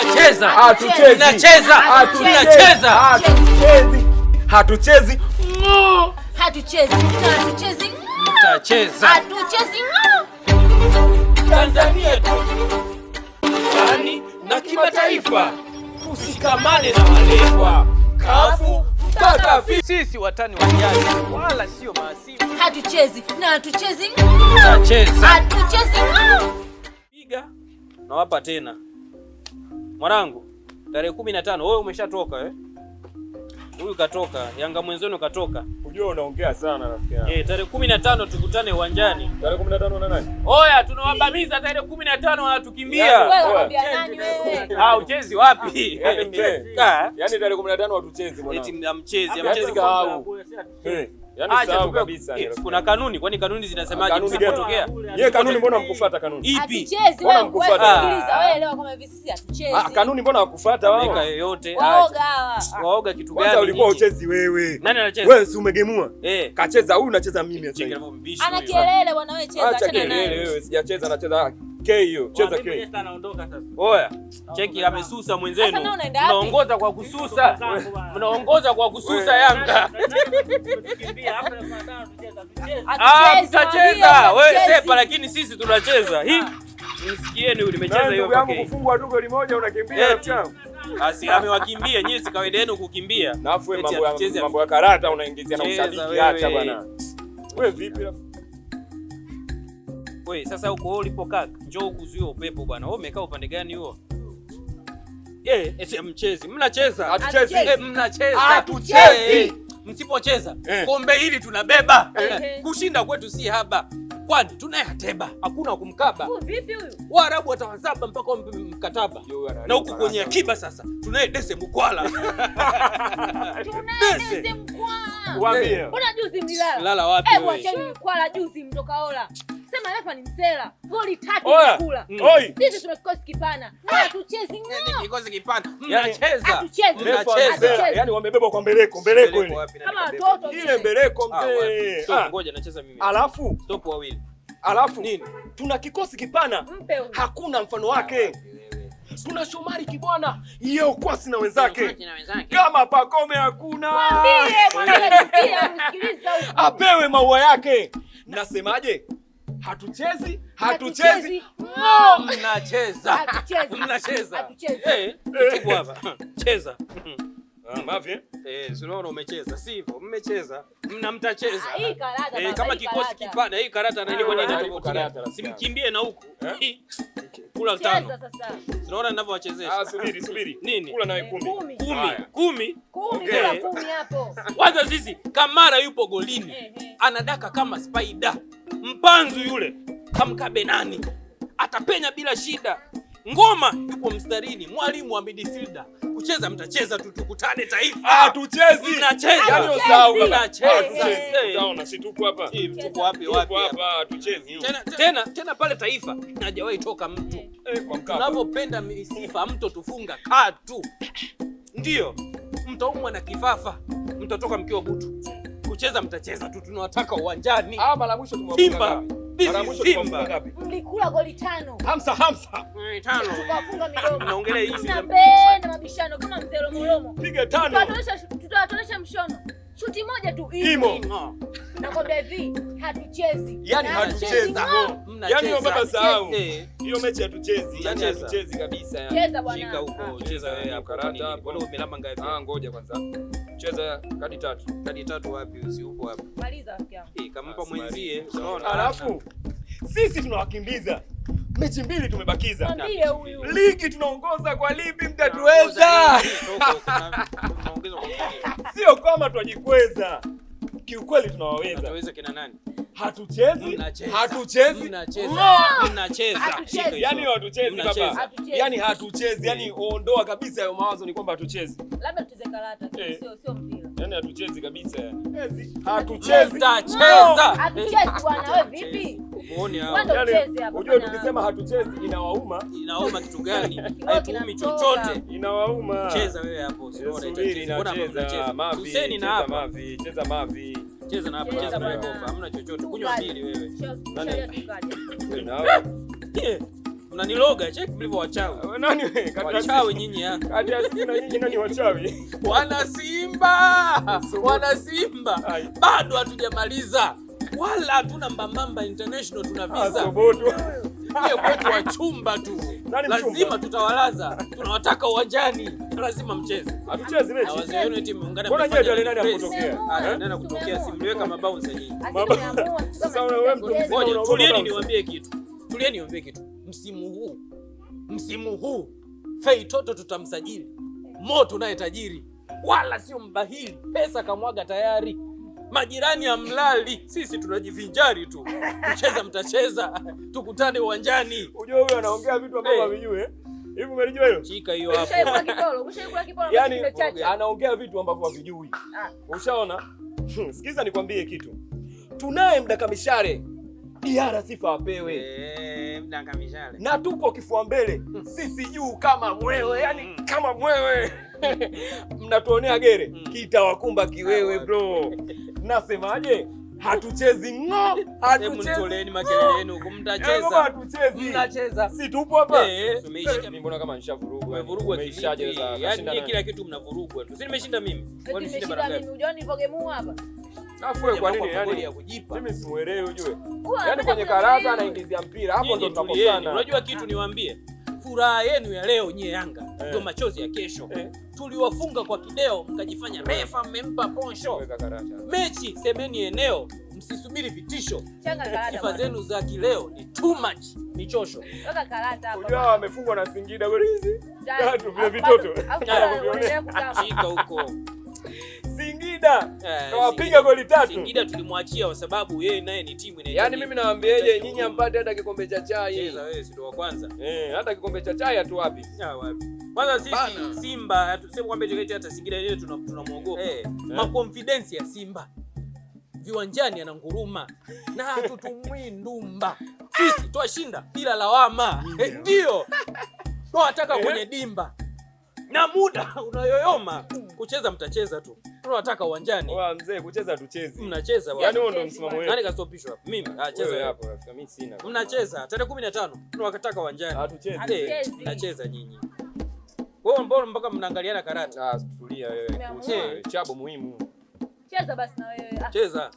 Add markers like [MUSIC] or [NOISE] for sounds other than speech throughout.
Tunacheza. Hatuchezi. Tunacheza. Hatuchezi. Hatuchezi. Hatuchezi. tunacheza Tutacheza. Hatuchezi. Tanzania tu. Ndani na kimataifa. Usikamane na walewa. Kafu mpaka sisi watani wa jadi wala sio maasimu. Hatuchezi na hatuchezi. tunacheza Hatuchezi. Piga. Nawapa tena mwanangu, tarehe kumi na tano wewe umeshatoka eh? Huyu katoka Yanga mwenzenu katoka. Unajua unaongea sana rafiki yangu. Eh, tarehe tano tukutane uwanjani. Tarehe kumi na tano na nani? Oya, tunawabamiza tarehe 15 wanatukimbia. Yaani ah, uchezi wapi? Yaani, [LAUGHS] yaani tarehe 15 watuchezi bwana. Eti mchezi, yaani mchezi kwa sababu. Eh. Yaani sawa kabisa. Eh, kuna kanuni, kwani kanuni zinasemaje ah, msipotokea? Yeye kanuni mbona mkufuata kanuni? Ipi? Mbona mkufuata? Sikiliza wewe elewa kama hivi sisi hatuchezi. Ah, kanuni mbona wakufuata wao? Weka yote. Waoga. Waoga kitu gani? Kwanza ulikuwa uchezi wewe. Nani anacheza? Wewe si umegemua. Eh. Kacheza huyu, nacheza mimi sasa. Ana kelele bwana wewe cheza. Acha kelele wewe, sijacheza nacheza haki. K cheza K. Mimi naondoka sasa. Oya, cheki amesusa mwenzenu. Mnaongoza kwa kususa. Mnaongoza kwa kususa Yanga. Ah, mtacheza. Wewe sepa lakini sisi tunacheza. Hii Msikieni huyu nimecheza hiyo Yangu Kufungwa tu goli moja unakimbia mchao. Eh, Asi amewakimbia nyinyi si kawaida yenu kukimbia. Na afu mambo ya mambo ya karata unaingizia na ushabiki acha bwana. Wewe vipi? Wewe sasa huko wewe ulipokaa, njoo kuzuia upepo bwana. Wewe umekaa upande gani huo? Eh, eti eh, mchezi. Mnacheza. Hatuchezi. Eh, mnacheza. Hatuchezi. Eh, msipocheza, eh. kombe hili tunabeba. Kushinda kwetu si haba. Kwani tunaye hateba. Hakuna kumkaba. Vipi huyu? Waarabu watawazaba mpaka wampe mkataba. Na huku kwenye akiba sasa tunaye Dese Mkwala. [LAUGHS] Tunaye Dese Mkwala. Waambie. Mbona juzi mlala? Lala wapi wewe? Eh, wacha Mkwala juzi mtokaola. Sema hapa ni msela. Goli tatu kula. Mm. Sisi tuna yaani kikosi kipana. Mm. Hatuchezi ng'o. Kikosi kipana. Mnacheza. Mnacheza. Yaani wamebebwa kwa mbeleko, mbeleko ile. Kama watoto. Ile mbeleko ah, mzee. Ah. Ngoja nacheza mimi. Alafu stop wawili. Alafu nini? Tuna kikosi kipana. Hakuna mfano wake. Ah, tuna Shomari kibwana yeye kwa na wenzake kama Pakome hakuna. Apewe maua yake. Nasemaje? hatuchezi, hatuchezi. No, mnacheza, mnacheza. Eh, hapa eh. cheza eh, ambavyo eh, unaona umecheza, hivyo? Mmecheza, mna mtacheza kama ah, kikosi kipana. Hii karata simkimbie na huku Kula tano. Sasa. Unaona ninavyowachezesha. Ah, subiri, subiri. Nini? Kula nawe 10. 10. 10. 10 hapo. sisi Kamara yupo golini. Eh, eh. Anadaka kama spider. Mpanzu yule. Kamkabe nani? Atapenya bila shida. Ngoma yuko mstarini, mwalimu wa midfielder kucheza, mtacheza tu, tukutane Taifa. Ah, tucheze. Mnacheza. Unaona, si tuko hapa. Tuko wapi wapi hapa, Tuchezi Tena tena tena pale Taifa najawahi toka mtu. Eh, eh kwa mkapa. Tunapopenda misifa mto tufunga katu. Ndio. Mtaumwa na kifafa, mtatoka mkiwa butu. Kucheza mtacheza tu, tunawataka uwanjani. Ah, mara mwisho tumewapinga. Simba mlikula goli tano, hamsa hamsa, tukafunga midomo na mabishano kama mzee Romoromo, piga tano, tutawatonesha mshono shuti moja tu imo. Nakwambia hivi hatuchezi, yani hatuchezi, yani hiyo baba sahau hiyo mechi hatuchezi, yani hatuchezi kabisa. Yaani. Cheza bwana, shika huko, cheza wewe hapo karata, mbona umelamba ngapi? Ah, ngoja kwanza Cheza kadi tatu. Kadi tatu wapi? Uzi upo wapi? Maliza rafiki yangu. Eh, kampa mwenzie. Unaona? Alafu sisi tunawakimbiza. Mechi mbili tumebakiza. Ligi tunaongoza kwa lipi mtatuweza? [LAUGHS] Sio kama twajikweza. Kiukweli tunawaweza. Tunaweza kina nani? hatuchezi, hatuchezi, yani hatuchezi baba, yani hatuchezi, yani ondoa kabisa hayo mawazo, ni kwamba hatuchezi, labda tucheze karata, eh. sio sio mpira, yani hatuchezi kabisa, hatuchezi, tacheza hatuchezi bwana, wewe vipi? yani Unajua tukisema hatuchezi inawauma. Inawauma kitu gani? Haituumi chochote. Inawauma. Cheza wewe hapo. cheza mavi Cheza mavi. Cheza mavi. Cheza na hapo, cheza pale bomba, hamna chochote. Kunywa mbili wewe. Mnaniloga, [LAUGHS] check mlivyo wachawi. Uh, nani wewe? Wachawi nyinyi ha. Kati ya sisi na nyinyi nani wachawi? [LAUGHS] Wana Simba. Wana Simba. Bado hatujamaliza. Wala hatuna mbambamba international tuna visa. Ni Kwetu wa chumba tu lazima tutawalaza, tunawataka uwanjani, lazima mcheze. Hatuchezi mechi. Anaenda kutokea simliweka mabao sahihi. Tulieni niwaambie kitu, tulieni niwaambie kitu. Msimu huu msimu huu Fei Toto tutamsajili moto naye tajiri, wala sio mbahili, pesa kamwaga tayari majirani ya mlali, sisi tunajivinjari tu, kucheza mtacheza, tukutane uwanjani. Unajua huyo eh? [LAUGHS] yaani, anaongea vitu ambavyo havijui hivi, ah. umelijua hiyo Chika hiyo hapo, yaani anaongea vitu ambavyo havijui, ushaona? Hmm, sikiza nikwambie kitu, tunaye mdakamishare Diara sifa apewe. Eh, mishale. na tupo kifua mbele sisi hmm. juu kama mwewe, yani hmm. kama mwewe [LAUGHS] mnatuonea gere, kitawakumba kiwewe bro. [LAUGHS] Nasemaje? Hatuchezi ng'o, hatuchezi. Makelele yenu huko, mtacheza. Hatuchezi. Mnacheza. Si tupo hapa. Eh, eh. Mimi mbona kama nishavurugu. Umevurugwa kilishaje Za Yaani kila kitu mnavurugwa tu. Si nimeshinda mimi. Kwa Kwani nimeshinda mimi? Unajoni nivogemua hapa. Afu yaani kwa nini yani Mimi simuelewi ujue. Yaani kwenye karata anaingizia mpira hapo ndo tunakosana. Unajua kitu niwaambie? furaha yenu ya leo nyie Yanga ndio yeah. machozi ya kesho yeah. tuliwafunga kwa kideo mkajifanya refa, mmempa poncho mechi. Semeni eneo, msisubiri vitisho. Sifa zenu za kileo ni too much, ni chosho. wamefungwa na Singida hizi vitoto huko Singida kawapiga eh, goli tatu. Singida tulimwachia kwa sababu yeye naye ni timu inayo. Yaani mimi nawaambiaje nyinyi ampate hata kikombe cha chai. Ila wewe si wa kwanza. Eh, hata kikombe cha chai hatu wapi? Ya Wapi. Kwanza sisi Simba hatusemi kwamba hicho hata Singida yeye tunamuogopa. Eh. Ma confidence ya Simba viwanjani ananguruma na hatutumwi [LAUGHS] ndumba. Sisi twashinda bila lawama. Ndio. Eh, twataka kwenye dimba na muda unayoyoma kucheza, mtacheza tu. unataka uwanjani. Wewe mzee, kucheza tucheze. Mnacheza bwana. Yaani huo ndio msimamo wewe Nani kasopishwa hapo? Mimi. Ah, cheza hapo. rafiki Mimi sina. Mnacheza tarehe 15. Tunawakataka uwanjani. tucheze Mnacheza nyinyi. Wewe mbona mpaka mnaangaliana karata. Ah, tulia wewe. Chabo muhimu. Cheza basi na wewe. Ah. Cheza.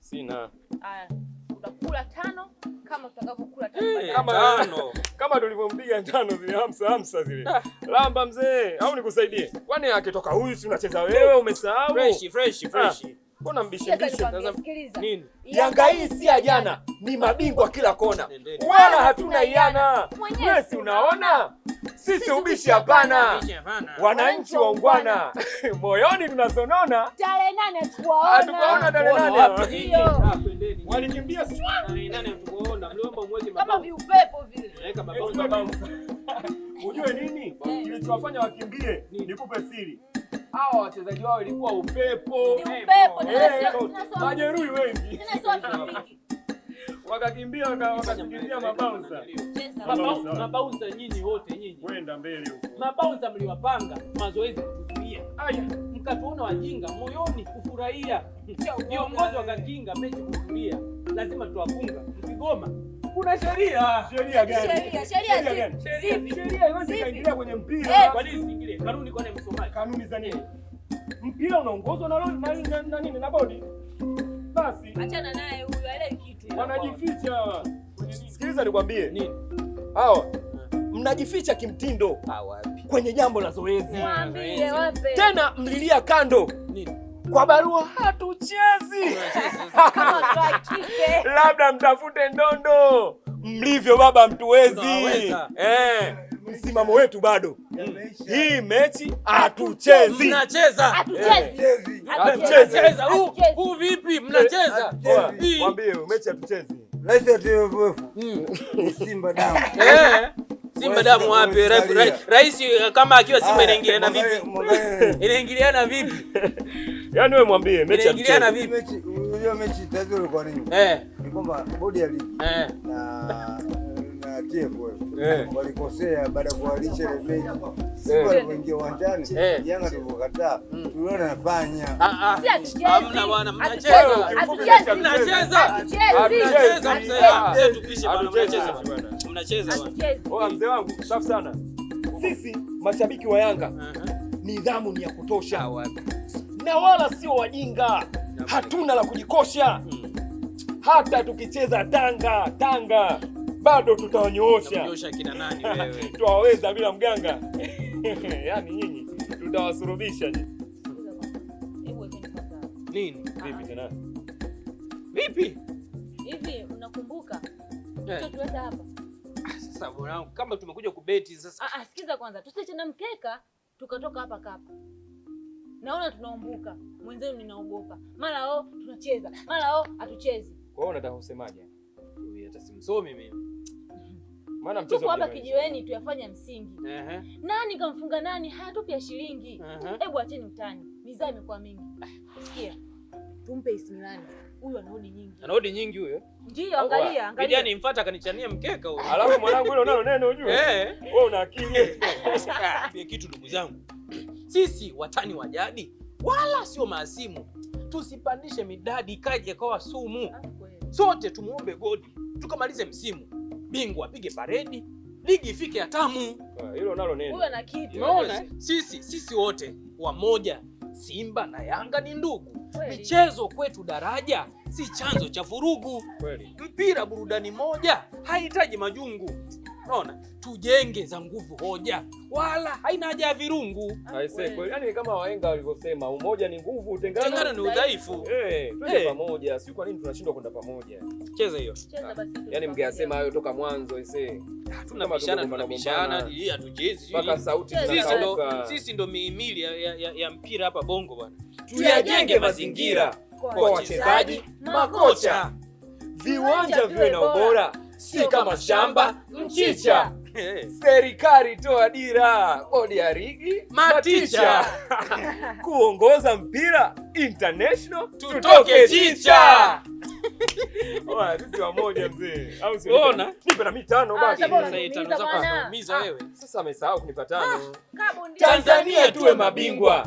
Sina. Haya. Utakula tano kama utakavyokula tano. Kama tano kama tulivyompiga njano zile hamsa hamsa zile. [LAUGHS] Lamba mzee, au nikusaidie? Kwani akitoka huyu si unacheza wewe umesahau? Fresh fresh ah, fresh. Mbona mbishe mbishe nini? Yanga hii si ya jana, ni mabingwa kila kona. Wala hatuna iana. Wewe si unaona? Sisi ubishi hapana, wananchi wa ungwana [LAUGHS] moyoni tunazonona. Tarehe nane tukaona tarehe nane ah, walikimbia kama viupepo vile. [LAUGHS] Ujue nini eh. kilichowafanya wakimbie? Nikupe siri, hawa wachezaji wao ilikuwa upepo, eh, majeruhi wengi wakakimbia, wakakimbia mabaunsa, mabaunsa nyinyi wote kwenda mbele huko. Mabaunsa mliwapanga mazoezi kutuzuia, aya, mkatuona wajinga moyoni kufurahia. Viongozi wakakinga mechi kuhudhuria, lazima tuwafunga. Mkigoma kuna sheria. Sheria gani? Sheria sheria gani? Sheria sheria haiwezi kaingilia kwenye mpira. Eh, kwa nini zingine kanuni? Kwa nini msomaji kanuni za nini? Mpira unaongozwa na na nini? Na na, bodi. Basi achana naye huyu, haelewi kitu, wanajificha. Sikiliza nikwambie nini hao mnajificha kimtindo ah, kwenye jambo la zoezi, tena mlilia kando kwa barua hatuchezi. [LAUGHS] Labda mtafute ndondo, mlivyo baba mtuwezi. Eh, msimamo wetu bado hii mechi hatuchezi. Mnacheza eh. huu vipi? Eh, Mnacheza mwambie mechi hatuchezi. Hmm. Simba damu eh. Simba damu wapi? Rais eh, kama akiwa Simba ah, inaingiliana vipi? Inaingiliana [LAUGHS] vipi? Yaani wewe mwambie mechi ya inaingiliana vipi? hiyo mechi tatizo lilikuwa nini? Eh. Ni kwamba bodi ya ligi eh. na na TFF eh. walikosea baada ya kuwalisha ile mechi. Simba alipoingia uwanjani, Yanga tulipokataa, tuliona nafanya. Ah ah. Hamna bwana, mnacheza. Mnacheza. Mnacheza. Mnacheza. Mnacheza mnacheza bwana. Oh, mzee wangu safi sana. Sisi mashabiki wa Yanga uh -huh. Nidhamu ni ya kutosha ah, na wala sio wajinga, hatuna la kujikosha hmm. Hata tukicheza Tanga Tanga bado tutawanyoosha tuwaweza [LAUGHS] bila mganga [LAUGHS] yani nyinyi tutawasurubisha nini? Ah. Vipi tena? Vipi? Hivi unakumbuka? Tulichotuweza eh. hapa. Sasa mwanangu, kama tumekuja kubeti sasa. Ah, ah sikiza kwanza, tusiche na mkeka tukatoka hapa kapa. Naona tunaumbuka, mwenzenu ninaogopa. Mara o tunacheza, mara o hatuchezi. Kwa hiyo unataka usemaje? Hata simsomi mimi. Mhm. Maana mchezo tuko hapa kijiweni tuyafanya msingi. Uh -huh. Nani kamfunga nani hatupi ya shilingi. Hebu uh -huh. Acheni utani. Mizaa imekuwa mingi. Sikia. Tumpe Ismilani. Huyu ana hodi nyingi. Ana hodi nyingi huyo. Ndio, angalia, angalia. Bidia nimfuata akanichania mkeka huyo. Alafu mwanangu yule unalo neno unajua? Eh. Wewe una akili. [LAUGHS] Ni kitu ndugu zangu. Sisi watani wa jadi wala sio maasimu. Tusipandishe midadi kaje kwa sumu. Ah, Sote tumuombe God Tukamalize msimu. Bingwa apige paredi. Ligi ifike atamu. Hilo ah, nalo neno. Huyo ana kitu. Unaona? Sisi sisi wote wamoja. Simba na Yanga ni ndugu. Michezo kwetu daraja si chanzo cha vurugu. Mpira burudani moja haihitaji majungu. Naona tujenge za nguvu hoja, wala haina haja ya virungu. Ah, yaani kama wahenga walivyosema, umoja ni nguvu, utengano ni eh, udhaifu. Hey, eh. hey. pamoja, si kwa nini tunashindwa kwenda pamoja? Cheza hiyo, cheza basi. Yaani mngeasema hayo toka mwanzo ise tunabishana tunabishana, hii hatuchezi mpaka sauti Sisi ndo mihimili ya, ya, ya mpira hapa Bongo bwana tuyajenge mazingira kwa wachezaji, makocha, viwanja viwe na ubora, si kama shamba mchicha. [LAUGHS] Serikali toa dira, bodi ya ligi, maticha [LAUGHS] kuongoza mpira international, tutoke chicha. Sisi [LAUGHS] oh, wamoja mzee, au sio? nipe na mitano ah, basi. Sasa amesahau kunipa ah, tano. Tanzania tuwe mabingwa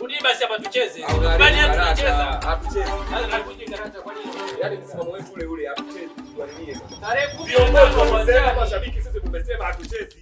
Rudi basi hapa tucheze. Bali tunacheza. Ah, hatuchezi. Hata nakuja karata kwa nini? Yaani msimamo wetu ule ule hatuchezi Tarehe 10 viongozi mashabiki sisi tumesema hatuchezi.